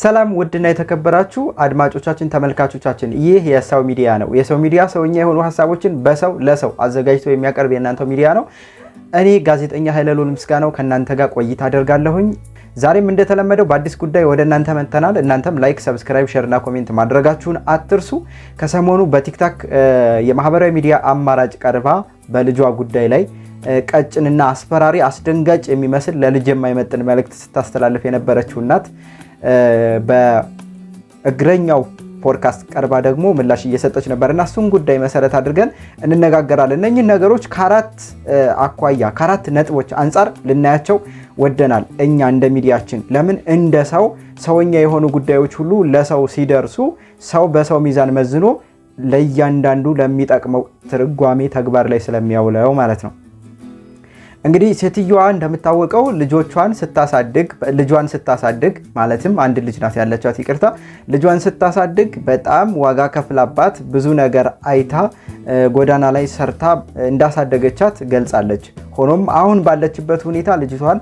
ሰላም ውድና የተከበራችሁ አድማጮቻችን ተመልካቾቻችን፣ ይህ የሰው ሚዲያ ነው። የሰው ሚዲያ ሰውኛ የሆኑ ሀሳቦችን በሰው ለሰው አዘጋጅቶ የሚያቀርብ የእናንተው ሚዲያ ነው። እኔ ጋዜጠኛ ኃይለሉል ምስጋናው ከእናንተ ጋር ቆይታ አደርጋለሁኝ። ዛሬም እንደተለመደው በአዲስ ጉዳይ ወደ እናንተ መጥተናል። እናንተም ላይክ፣ ሰብስክራይብ፣ ሼርና ኮሜንት ማድረጋችሁን አትርሱ። ከሰሞኑ በቲክታክ የማህበራዊ ሚዲያ አማራጭ ቀርባ በልጇ ጉዳይ ላይ ቀጭንና አስፈራሪ አስደንጋጭ የሚመስል ለልጅ የማይመጥን መልእክት ስታስተላልፍ የነበረችው እናት በእግረኛው ፖድካስት ቀርባ ደግሞ ምላሽ እየሰጠች ነበርና እሱን ጉዳይ መሰረት አድርገን እንነጋገራለን። እነኚህ ነገሮች ከአራት አኳያ ከአራት ነጥቦች አንጻር ልናያቸው ወደናል። እኛ እንደ ሚዲያችን ለምን እንደ ሰው ሰውኛ የሆኑ ጉዳዮች ሁሉ ለሰው ሲደርሱ ሰው በሰው ሚዛን መዝኖ ለእያንዳንዱ ለሚጠቅመው ትርጓሜ ተግባር ላይ ስለሚያውለው ማለት ነው። እንግዲህ ሴትዮዋ እንደምታወቀው ልጆቿን ስታሳድግ ልጇን ስታሳድግ ማለትም አንድ ልጅ ናት ያለቻት ይቅርታ፣ ልጇን ስታሳድግ በጣም ዋጋ ከፍላባት ብዙ ነገር አይታ ጎዳና ላይ ሰርታ እንዳሳደገቻት ገልጻለች። ሆኖም አሁን ባለችበት ሁኔታ ልጅቷን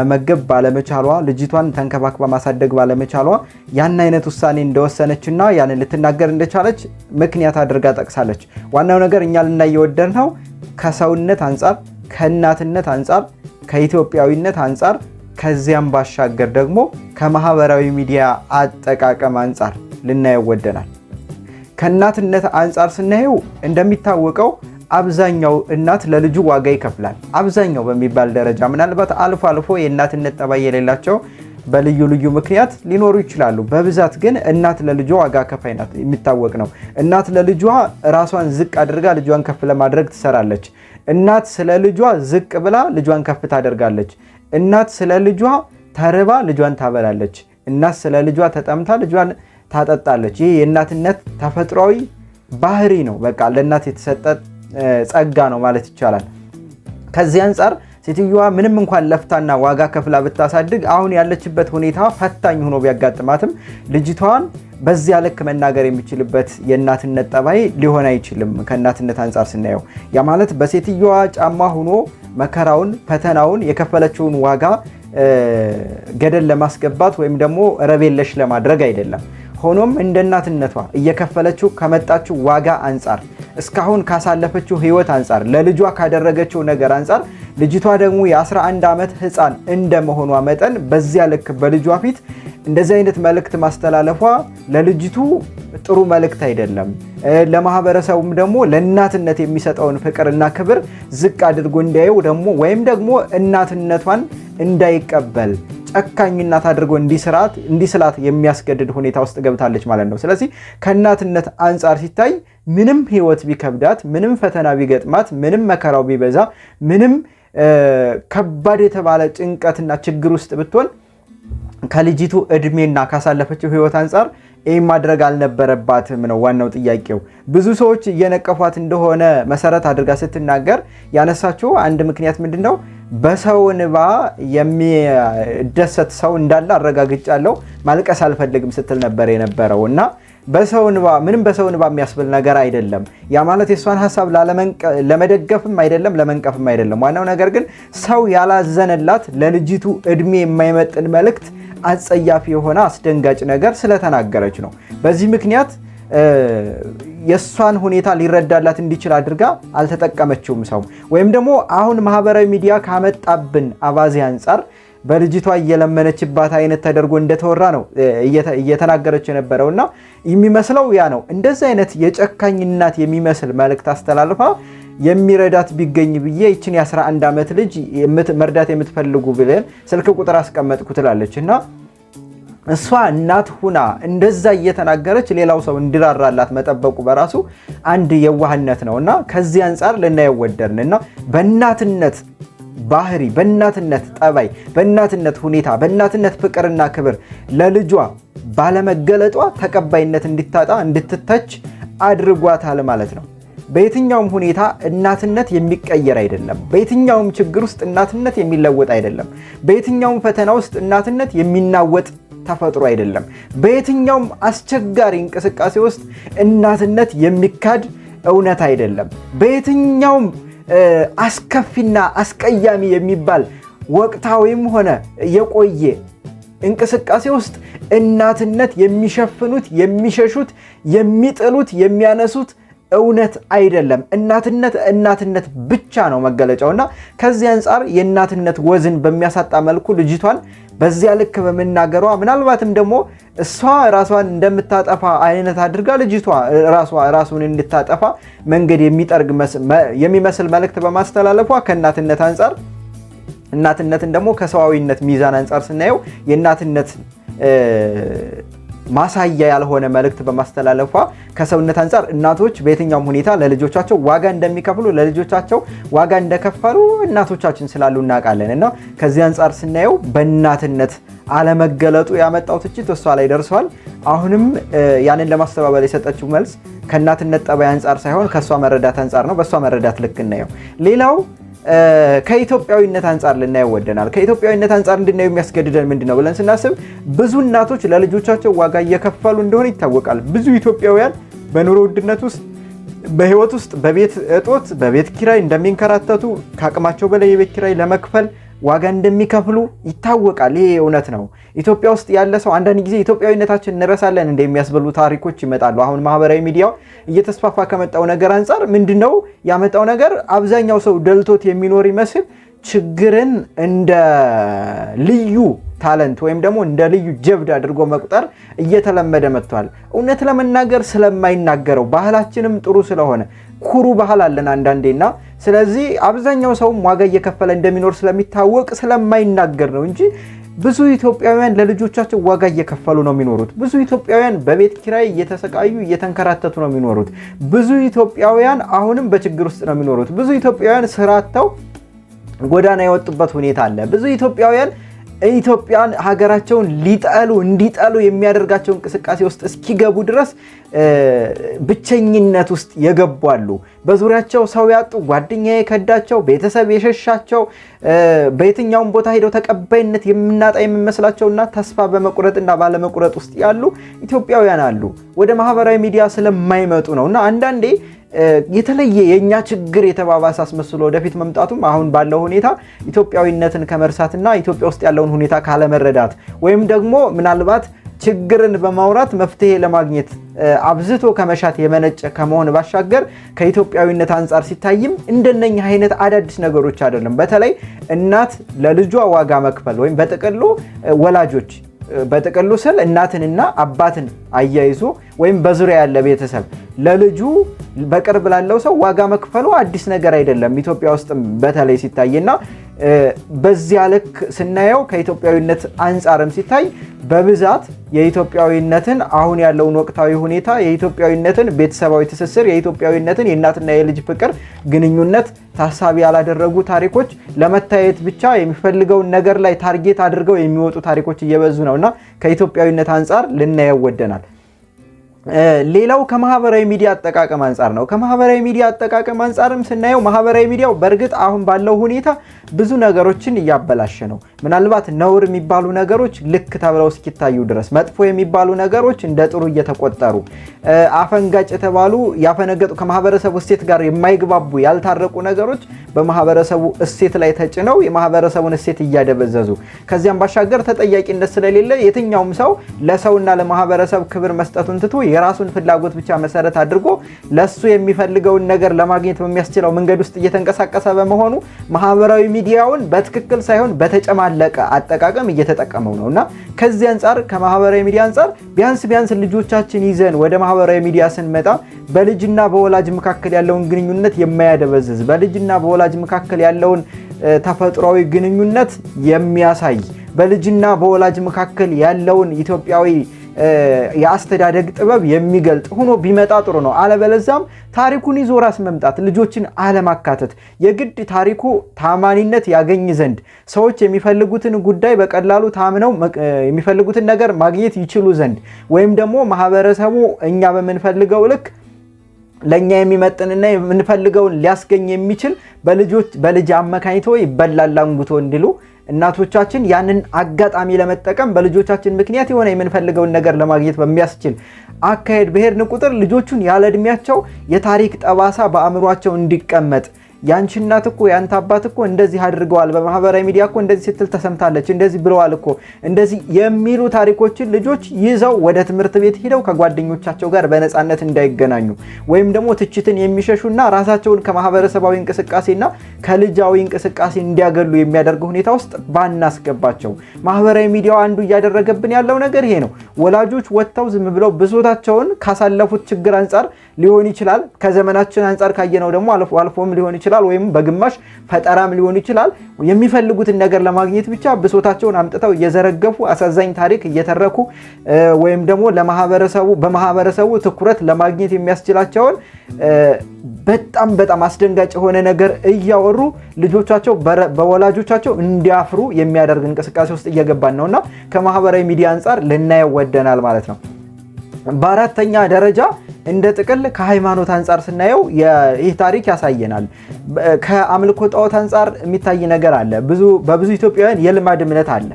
መመገብ ባለመቻሏ ልጅቷን ተንከባክባ ማሳደግ ባለመቻሏ ያን አይነት ውሳኔ እንደወሰነችና ያንን ልትናገር እንደቻለች ምክንያት አድርጋ ጠቅሳለች። ዋናው ነገር እኛ ልናየወደድ ነው ከሰውነት አንጻር ከእናትነት አንጻር ከኢትዮጵያዊነት አንጻር ከዚያም ባሻገር ደግሞ ከማህበራዊ ሚዲያ አጠቃቀም አንጻር ልናየው ወደናል። ከእናትነት አንጻር ስናየው እንደሚታወቀው አብዛኛው እናት ለልጁ ዋጋ ይከፍላል። አብዛኛው በሚባል ደረጃ ምናልባት አልፎ አልፎ የእናትነት ጠባይ የሌላቸው በልዩ ልዩ ምክንያት ሊኖሩ ይችላሉ። በብዛት ግን እናት ለልጇ ዋጋ ከፋይ ናት፣ የሚታወቅ ነው። እናት ለልጇ ራሷን ዝቅ አድርጋ ልጇን ከፍ ለማድረግ ትሰራለች። እናት ስለ ልጇ ዝቅ ብላ ልጇን ከፍ ታደርጋለች። እናት ስለ ልጇ ተርባ ልጇን ታበላለች። እናት ስለ ልጇ ተጠምታ ልጇን ታጠጣለች። ይህ የእናትነት ተፈጥሯዊ ባህሪ ነው። በቃ ለእናት የተሰጠ ጸጋ ነው ማለት ይቻላል። ከዚህ አንጻር ሴትዮዋ ምንም እንኳን ለፍታና ዋጋ ከፍላ ብታሳድግ አሁን ያለችበት ሁኔታ ፈታኝ ሆኖ ቢያጋጥማትም ልጅቷን በዚያ ልክ መናገር የሚችልበት የእናትነት ጠባይ ሊሆን አይችልም። ከእናትነት አንጻር ስናየው ያ ማለት በሴትዮዋ ጫማ ሆኖ መከራውን፣ ፈተናውን፣ የከፈለችውን ዋጋ ገደል ለማስገባት ወይም ደግሞ ረቤለሽ ለማድረግ አይደለም። ሆኖም እንደ እናትነቷ እየከፈለችው ከመጣችው ዋጋ አንጻር እስካሁን ካሳለፈችው ህይወት አንጻር ለልጇ ካደረገችው ነገር አንጻር ልጅቷ ደግሞ የ11 ዓመት ህፃን እንደመሆኗ መጠን በዚያ ልክ በልጇ ፊት እንደዚህ አይነት መልእክት ማስተላለፏ ለልጅቱ ጥሩ መልእክት አይደለም። ለማህበረሰቡም ደግሞ ለእናትነት የሚሰጠውን ፍቅርና ክብር ዝቅ አድርጎ እንዲያየው ደግሞ ወይም ደግሞ እናትነቷን እንዳይቀበል ጨካኝ እናት አድርጎ እንዲስራት እንዲስላት የሚያስገድድ ሁኔታ ውስጥ ገብታለች ማለት ነው። ስለዚህ ከእናትነት አንጻር ሲታይ ምንም ህይወት ቢከብዳት፣ ምንም ፈተና ቢገጥማት፣ ምንም መከራው ቢበዛ፣ ምንም ከባድ የተባለ ጭንቀትና ችግር ውስጥ ብትሆን ከልጅቱ እድሜና ካሳለፈችው ህይወት አንጻር ይህም ማድረግ አልነበረባትም ነው ዋናው ጥያቄው። ብዙ ሰዎች እየነቀፏት እንደሆነ መሰረት አድርጋ ስትናገር ያነሳችው አንድ ምክንያት ምንድን ነው? በሰው እንባ የሚደሰት ሰው እንዳለ አረጋግጫለሁ። ማልቀስ አልፈልግም ስትል ነበር የነበረው እና በሰው እንባ ምንም በሰው እንባ የሚያስብል ነገር አይደለም። ያ ማለት የእሷን ሀሳብ ለመደገፍም አይደለም ለመንቀፍም አይደለም። ዋናው ነገር ግን ሰው ያላዘነላት ለልጅቱ እድሜ የማይመጥን መልእክት፣ አጸያፊ የሆነ አስደንጋጭ ነገር ስለተናገረች ነው። በዚህ ምክንያት የእሷን ሁኔታ ሊረዳላት እንዲችል አድርጋ አልተጠቀመችውም ሰው ወይም ደግሞ አሁን ማህበራዊ ሚዲያ ካመጣብን አባዜ አንጻር በልጅቷ እየለመነችባት አይነት ተደርጎ እንደተወራ ነው እየተናገረች የነበረው እና የሚመስለው ያ ነው። እንደዚህ አይነት የጨካኝ እናት የሚመስል መልእክት አስተላልፋ የሚረዳት ቢገኝ ብዬ ይችን የ11 ዓመት ልጅ መርዳት የምትፈልጉ ብለን ስልክ ቁጥር አስቀመጥኩ ትላለች እና እሷ እናት ሁና እንደዛ እየተናገረች ሌላው ሰው እንዲራራላት መጠበቁ በራሱ አንድ የዋህነት ነው እና ከዚህ አንጻር ልናየው ወደድን እና በእናትነት ባህሪ፣ በእናትነት ጠባይ፣ በእናትነት ሁኔታ፣ በእናትነት ፍቅርና ክብር ለልጇ ባለመገለጧ ተቀባይነት እንዲታጣ እንድትተች አድርጓታል ማለት ነው። በየትኛውም ሁኔታ እናትነት የሚቀየር አይደለም። በየትኛውም ችግር ውስጥ እናትነት የሚለወጥ አይደለም። በየትኛውም ፈተና ውስጥ እናትነት የሚናወጥ ተፈጥሮ አይደለም። በየትኛውም አስቸጋሪ እንቅስቃሴ ውስጥ እናትነት የሚካድ እውነት አይደለም። በየትኛውም አስከፊና አስቀያሚ የሚባል ወቅታዊም ሆነ የቆየ እንቅስቃሴ ውስጥ እናትነት የሚሸፍኑት፣ የሚሸሹት፣ የሚጥሉት፣ የሚያነሱት እውነት አይደለም። እናትነት እናትነት ብቻ ነው መገለጫውና ከዚህ አንጻር የእናትነት ወዝን በሚያሳጣ መልኩ ልጅቷን በዚያ ልክ በመናገሯ ምናልባትም ደግሞ እሷ ራሷን እንደምታጠፋ አይነት አድርጋ ልጅቷ ራሷ ራሱን እንድታጠፋ መንገድ የሚጠርግ የሚመስል መልእክት በማስተላለፏ ከእናትነት አንጻር እናትነትን ደግሞ ከሰዋዊነት ሚዛን አንጻር ስናየው የእናትነት ማሳያ ያልሆነ መልእክት በማስተላለፏ ከሰውነት አንጻር እናቶች በየትኛውም ሁኔታ ለልጆቻቸው ዋጋ እንደሚከፍሉ ለልጆቻቸው ዋጋ እንደከፈሉ እናቶቻችን ስላሉ እናውቃለን እና ከዚህ አንጻር ስናየው በእናትነት አለመገለጡ ያመጣው ትችት እሷ ላይ ደርሰዋል። አሁንም ያንን ለማስተባበል የሰጠችው መልስ ከእናትነት ጠባይ አንጻር ሳይሆን ከእሷ መረዳት አንጻር ነው። በእሷ መረዳት ልክ እናየው ሌላው ከኢትዮጵያዊነት አንጻር ልናየው ወደናል። ከኢትዮጵያዊነት አንጻር እንድናየው የሚያስገድደን ምንድን ነው ብለን ስናስብ ብዙ እናቶች ለልጆቻቸው ዋጋ እየከፈሉ እንደሆነ ይታወቃል። ብዙ ኢትዮጵያውያን በኑሮ ውድነት ውስጥ በህይወት ውስጥ በቤት እጦት፣ በቤት ኪራይ እንደሚንከራተቱ ከአቅማቸው በላይ የቤት ኪራይ ለመክፈል ዋጋ እንደሚከፍሉ ይታወቃል። ይሄ እውነት ነው። ኢትዮጵያ ውስጥ ያለ ሰው አንዳንድ ጊዜ ኢትዮጵያዊነታችን እንረሳለን እንደሚያስበሉ ታሪኮች ይመጣሉ። አሁን ማህበራዊ ሚዲያው እየተስፋፋ ከመጣው ነገር አንጻር ምንድነው ያመጣው ነገር? አብዛኛው ሰው ደልቶት የሚኖር ይመስል ችግርን እንደ ልዩ ታለንት ወይም ደግሞ እንደ ልዩ ጀብድ አድርጎ መቁጠር እየተለመደ መጥቷል። እውነት ለመናገር ስለማይናገረው ባህላችንም ጥሩ ስለሆነ ኩሩ ባህል አለን አንዳንዴና ስለዚህ አብዛኛው ሰውም ዋጋ እየከፈለ እንደሚኖር ስለሚታወቅ ስለማይናገር ነው እንጂ ብዙ ኢትዮጵያውያን ለልጆቻቸው ዋጋ እየከፈሉ ነው የሚኖሩት። ብዙ ኢትዮጵያውያን በቤት ኪራይ እየተሰቃዩ እየተንከራተቱ ነው የሚኖሩት። ብዙ ኢትዮጵያውያን አሁንም በችግር ውስጥ ነው የሚኖሩት። ብዙ ኢትዮጵያውያን ስራ አጥተው ጎዳና የወጡበት ሁኔታ አለ። ብዙ ኢትዮጵያውያን ኢትዮጵያን ሀገራቸውን ሊጠሉ እንዲጠሉ የሚያደርጋቸው እንቅስቃሴ ውስጥ እስኪገቡ ድረስ ብቸኝነት ውስጥ የገቡ አሉ። በዙሪያቸው ሰው ያጡ፣ ጓደኛ የከዳቸው፣ ቤተሰብ የሸሻቸው፣ በየትኛውም ቦታ ሄደው ተቀባይነት የምናጣ የሚመስላቸውና ተስፋ በመቁረጥና ባለመቁረጥ ውስጥ ያሉ ኢትዮጵያውያን አሉ። ወደ ማህበራዊ ሚዲያ ስለማይመጡ ነው እና አንዳንዴ የተለየ የእኛ ችግር የተባባሰ አስመስሎ ወደፊት መምጣቱም አሁን ባለው ሁኔታ ኢትዮጵያዊነትን ከመርሳትና ኢትዮጵያ ውስጥ ያለውን ሁኔታ ካለመረዳት ወይም ደግሞ ምናልባት ችግርን በማውራት መፍትሄ ለማግኘት አብዝቶ ከመሻት የመነጨ ከመሆን ባሻገር ከኢትዮጵያዊነት አንጻር ሲታይም እንደነኛ አይነት አዳዲስ ነገሮች አይደለም። በተለይ እናት ለልጇ ዋጋ መክፈል ወይም በጥቅሉ ወላጆች በጥቅሉ ስል እናትንና አባትን አያይዞ ወይም በዙሪያ ያለ ቤተሰብ ለልጁ በቅርብ ላለው ሰው ዋጋ መክፈሉ አዲስ ነገር አይደለም። ኢትዮጵያ ውስጥም በተለይ ሲታይና በዚያ ልክ ስናየው ከኢትዮጵያዊነት አንጻርም ሲታይ በብዛት የኢትዮጵያዊነትን አሁን ያለውን ወቅታዊ ሁኔታ፣ የኢትዮጵያዊነትን ቤተሰባዊ ትስስር፣ የኢትዮጵያዊነትን የእናትና የልጅ ፍቅር ግንኙነት ታሳቢ ያላደረጉ ታሪኮች ለመታየት ብቻ የሚፈልገውን ነገር ላይ ታርጌት አድርገው የሚወጡ ታሪኮች እየበዙ ነው እና ከኢትዮጵያዊነት አንጻር ልናየው ወደናል። ሌላው ከማህበራዊ ሚዲያ አጠቃቀም አንጻር ነው። ከማህበራዊ ሚዲያ አጠቃቀም አንጻርም ስናየው ማህበራዊ ሚዲያው በእርግጥ አሁን ባለው ሁኔታ ብዙ ነገሮችን እያበላሸ ነው። ምናልባት ነውር የሚባሉ ነገሮች ልክ ተብለው እስኪታዩ ድረስ መጥፎ የሚባሉ ነገሮች እንደ ጥሩ እየተቆጠሩ አፈንጋጭ የተባሉ ያፈነገጡ ከማህበረሰቡ እሴት ጋር የማይግባቡ ያልታረቁ ነገሮች በማህበረሰቡ እሴት ላይ ተጭነው የማህበረሰቡን እሴት እያደበዘዙ ከዚያም ባሻገር ተጠያቂነት ስለሌለ የትኛውም ሰው ለሰውና ለማህበረሰብ ክብር መስጠቱን ትቶ የራሱን ፍላጎት ብቻ መሰረት አድርጎ ለሱ የሚፈልገውን ነገር ለማግኘት በሚያስችለው መንገድ ውስጥ እየተንቀሳቀሰ በመሆኑ ማህበራዊ ሚዲያውን በትክክል ሳይሆን በተጨማለቀ አጠቃቀም እየተጠቀመው ነው እና ከዚህ አንጻር ከማህበራዊ ሚዲያ አንጻር ቢያንስ ቢያንስ ልጆቻችን ይዘን ወደ ማህበራዊ ሚዲያ ስንመጣ በልጅና በወላጅ መካከል ያለውን ግንኙነት የማያደበዝዝ በልጅና በወላጅ መካከል ያለውን ተፈጥሯዊ ግንኙነት የሚያሳይ በልጅና በወላጅ መካከል ያለውን ኢትዮጵያዊ የአስተዳደግ ጥበብ የሚገልጥ ሆኖ ቢመጣ ጥሩ ነው። አለበለዛም ታሪኩን ይዞ ራስ መምጣት፣ ልጆችን አለማካተት፣ የግድ ታሪኩ ታማኒነት ያገኝ ዘንድ ሰዎች የሚፈልጉትን ጉዳይ በቀላሉ ታምነው የሚፈልጉትን ነገር ማግኘት ይችሉ ዘንድ ወይም ደግሞ ማህበረሰቡ እኛ በምንፈልገው ልክ ለእኛ የሚመጥንና የምንፈልገውን ሊያስገኝ የሚችል በልጆች በልጅ አመካኝቶ ይበላል አንጉቶ እንዲሉ እናቶቻችን ያንን አጋጣሚ ለመጠቀም በልጆቻችን ምክንያት የሆነ የምንፈልገውን ነገር ለማግኘት በሚያስችል አካሄድ ብሄድን ቁጥር ልጆቹን ያለ ዕድሜያቸው የታሪክ ጠባሳ በአእምሯቸው እንዲቀመጥ ያንቺ እናት እኮ ያንተ አባት እኮ እንደዚህ አድርገዋል፣ በማህበራዊ ሚዲያ እኮ እንደዚህ ስትል ተሰምታለች፣ እንደዚህ ብለዋል እኮ እንደዚህ የሚሉ ታሪኮችን ልጆች ይዘው ወደ ትምህርት ቤት ሂደው ከጓደኞቻቸው ጋር በነፃነት እንዳይገናኙ ወይም ደግሞ ትችትን የሚሸሹና ራሳቸውን ከማህበረሰባዊ እንቅስቃሴና ከልጃዊ እንቅስቃሴ እንዲያገሉ የሚያደርግ ሁኔታ ውስጥ ባናስገባቸው። ማህበራዊ ሚዲያው አንዱ እያደረገብን ያለው ነገር ይሄ ነው። ወላጆች ወጥተው ዝም ብለው ብሶታቸውን ካሳለፉት ችግር አንጻር ሊሆን ይችላል። ከዘመናችን አንጻር ካየነው ደግሞ አልፎ አልፎም ሊሆን ይችላል፣ ወይም በግማሽ ፈጠራም ሊሆን ይችላል። የሚፈልጉትን ነገር ለማግኘት ብቻ ብሶታቸውን አምጥተው እየዘረገፉ አሳዛኝ ታሪክ እየተረኩ ወይም ደግሞ ለማህበረሰቡ በማህበረሰቡ ትኩረት ለማግኘት የሚያስችላቸውን በጣም በጣም አስደንጋጭ የሆነ ነገር እያወሩ ልጆቻቸው በወላጆቻቸው እንዲያፍሩ የሚያደርግ እንቅስቃሴ ውስጥ እየገባን ነውና ከማህበራዊ ሚዲያ አንጻር ልናየው ወደናል ማለት ነው። በአራተኛ ደረጃ እንደ ጥቅል ከሃይማኖት አንጻር ስናየው ይህ ታሪክ ያሳየናል። ከአምልኮ ጣዖት አንጻር የሚታይ ነገር አለ። በብዙ ኢትዮጵያውያን የልማድ እምነት አለ።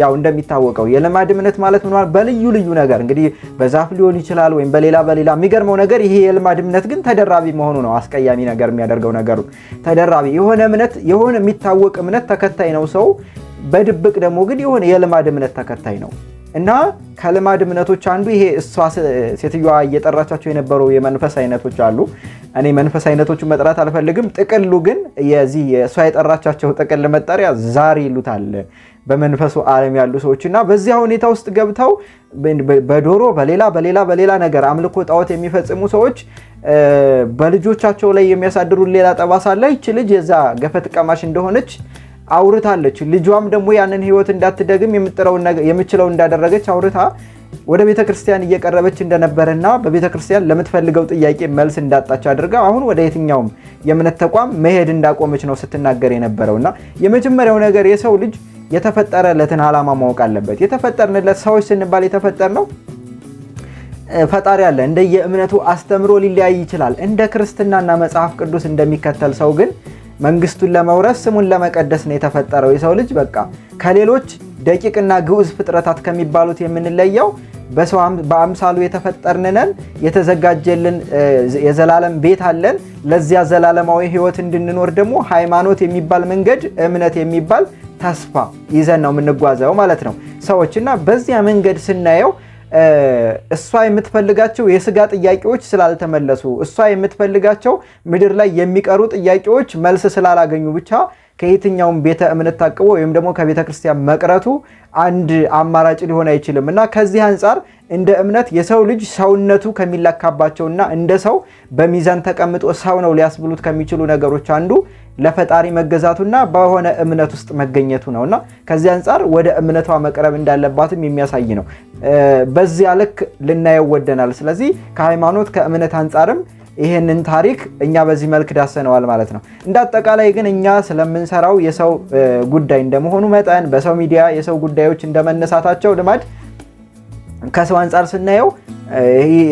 ያው እንደሚታወቀው የልማድ እምነት ማለት ምን ማለት በልዩ ልዩ ነገር እንግዲህ በዛፍ ሊሆን ይችላል ወይም በሌላ በሌላ የሚገርመው ነገር ይሄ የልማድ እምነት ግን ተደራቢ መሆኑ ነው። አስቀያሚ ነገር የሚያደርገው ነገሩ ተደራቢ የሆነ እምነት የሆነ የሚታወቅ እምነት ተከታይ ነው ሰው፣ በድብቅ ደግሞ ግን የሆነ የልማድ እምነት ተከታይ ነው። እና ከልማድ እምነቶች አንዱ ይሄ እሷ ሴትዮዋ እየጠራቻቸው የነበሩ የመንፈስ አይነቶች አሉ። እኔ መንፈስ አይነቶቹን መጥራት አልፈልግም። ጥቅሉ ግን የዚህ እሷ የጠራቻቸው ጥቅል መጠሪያ ዛር ይሉታል በመንፈሱ ዓለም ያሉ ሰዎች እና በዚያ ሁኔታ ውስጥ ገብተው በዶሮ በሌላ በሌላ በሌላ ነገር አምልኮ ጣዖት የሚፈጽሙ ሰዎች በልጆቻቸው ላይ የሚያሳድሩ ሌላ ጠባሳ ላይ ይች ልጅ የዛ ገፈት ቀማሽ እንደሆነች አውርታለች። ልጇም ደግሞ ያንን ህይወት እንዳትደግም የምችለው እንዳደረገች አውርታ ወደ ቤተ ክርስቲያን እየቀረበች እንደነበረና በቤተ ክርስቲያን ለምትፈልገው ጥያቄ መልስ እንዳጣች አድርጋ አሁን ወደ የትኛውም የእምነት ተቋም መሄድ እንዳቆመች ነው ስትናገር የነበረው እና የመጀመሪያው ነገር የሰው ልጅ የተፈጠረለትን ዓላማ ማወቅ አለበት። የተፈጠርንለት ሰዎች ስንባል የተፈጠር ነው ፈጣሪ አለ። እንደየእምነቱ አስተምሮ ሊለያይ ይችላል። እንደ ክርስትናና መጽሐፍ ቅዱስ እንደሚከተል ሰው ግን መንግስቱን ለመውረስ ስሙን ለመቀደስ ነው የተፈጠረው የሰው ልጅ። በቃ ከሌሎች ደቂቅና ግዑዝ ፍጥረታት ከሚባሉት የምንለየው በአምሳሉ የተፈጠርንነን የተዘጋጀልን የዘላለም ቤት አለን። ለዚያ ዘላለማዊ ህይወት እንድንኖር ደግሞ ሃይማኖት የሚባል መንገድ፣ እምነት የሚባል ተስፋ ይዘን ነው የምንጓዘው ማለት ነው ሰዎችና በዚያ መንገድ ስናየው እሷ የምትፈልጋቸው የስጋ ጥያቄዎች ስላልተመለሱ እሷ የምትፈልጋቸው ምድር ላይ የሚቀሩ ጥያቄዎች መልስ ስላላገኙ ብቻ ከየትኛውም ቤተ እምነት ታቅቦ ወይም ደግሞ ከቤተ ክርስቲያን መቅረቱ አንድ አማራጭ ሊሆን አይችልም እና ከዚህ አንጻር እንደ እምነት የሰው ልጅ ሰውነቱ ከሚለካባቸውና እንደ ሰው በሚዛን ተቀምጦ ሰው ነው ሊያስብሉት ከሚችሉ ነገሮች አንዱ ለፈጣሪ መገዛቱና በሆነ እምነት ውስጥ መገኘቱ እና ከዚህ አንጻር ወደ እምነቷ መቅረብ እንዳለባትም የሚያሳይ ነው። በዚያ ልክ ልናየው ወደናል። ስለዚህ ከሃይማኖት ከእምነት አንጻርም ይህንን ታሪክ እኛ በዚህ መልክ ዳሰነዋል ማለት ነው። እንደ አጠቃላይ ግን እኛ ስለምንሰራው የሰው ጉዳይ እንደመሆኑ መጠን በሰው ሚዲያ የሰው ጉዳዮች እንደመነሳታቸው ልማድ ከሰው አንጻር ስናየው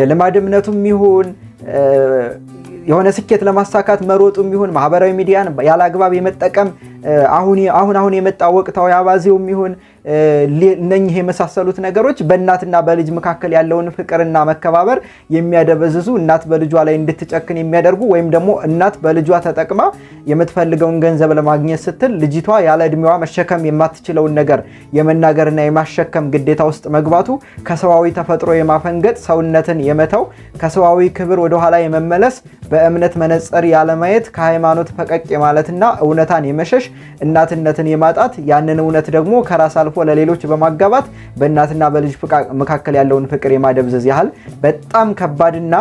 የልማድ እምነቱም ይሁን የሆነ ስኬት ለማሳካት መሮጡ ይሁን ማህበራዊ ሚዲያን ያለ አግባብ የመጠቀም አሁን አሁን የመጣ ወቅታዊ አባዜውም ይሁን እነኚህ የመሳሰሉት ነገሮች በእናትና በልጅ መካከል ያለውን ፍቅርና መከባበር የሚያደበዝዙ እናት በልጇ ላይ እንድትጨክን የሚያደርጉ ወይም ደግሞ እናት በልጇ ተጠቅማ የምትፈልገውን ገንዘብ ለማግኘት ስትል ልጅቷ ያለ እድሜዋ መሸከም የማትችለውን ነገር የመናገርና የማሸከም ግዴታ ውስጥ መግባቱ ከሰዋዊ ተፈጥሮ የማፈንገጥ ሰውነትን የመተው ከሰዋዊ ክብር ወደኋላ የመመለስ በእምነት መነጽር ያለማየት ከሃይማኖት ፈቀቅ የማለትና እውነታን የመሸሽ እናትነትን የማጣት ያንን እውነት ደግሞ ከራስ አልፎ አልፎ ለሌሎች በማጋባት በእናትና በልጅ መካከል ያለውን ፍቅር የማደብዘዝ ያህል በጣም ከባድና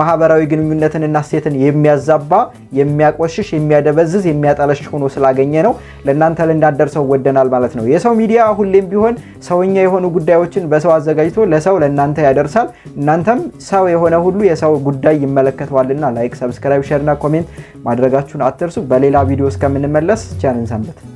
ማህበራዊ ግንኙነትንና ሴትን የሚያዛባ የሚያቆሽሽ፣ የሚያደበዝዝ፣ የሚያጠለሽ ሆኖ ስላገኘ ነው ለእናንተ ልናደርሰው ወደናል ማለት ነው። የሰው ሚዲያ ሁሌም ቢሆን ሰውኛ የሆኑ ጉዳዮችን በሰው አዘጋጅቶ ለሰው ለእናንተ ያደርሳል። እናንተም ሰው የሆነ ሁሉ የሰው ጉዳይ ይመለከተዋልና ላይክ፣ ሰብስክራይብ፣ ሸርና ኮሜንት ማድረጋችሁን አትርሱ። በሌላ ቪዲዮ እስከምንመለስ ቻንን ሰንበት